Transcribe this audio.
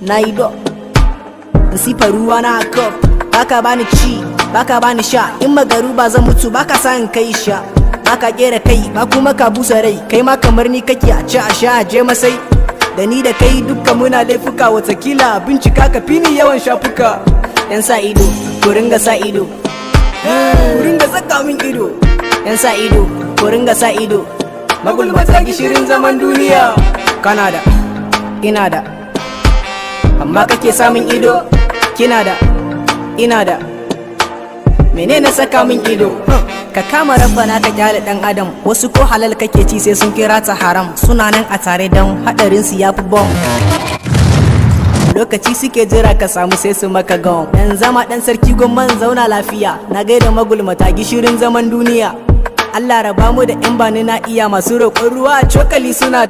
na yi do ruwa na cup baka bani ci baka bani sha in magaru ba zan mutu baka sa in kai sha baka kera kai ba kuma ka busa rai kai ma kamar ni kake a ci a sha a je masai da ni da kai dukkan muna laifuka watakila bincika ka fi ni yawan shafuka yan sa ido ku ringa sa ido ku ringa saka min ido yan sa ido ku ringa sa ido magulmata gishirin zaman duniya kana da ina da amma kake samun ido kina da ina da menene saka min ido ka kama na ka kyale dan adam wasu ko halal kake ci sai sun kira ta haram suna nan a tare don hadarin su yafi bom lokaci suke jira ka samu sai su maka gawan dan zama dan sarki gwamman zauna lafiya na gaida magulmata gishirin zaman duniya Allah raba mu da 'yan bani na iya masu roƙon ruwa a cokali suna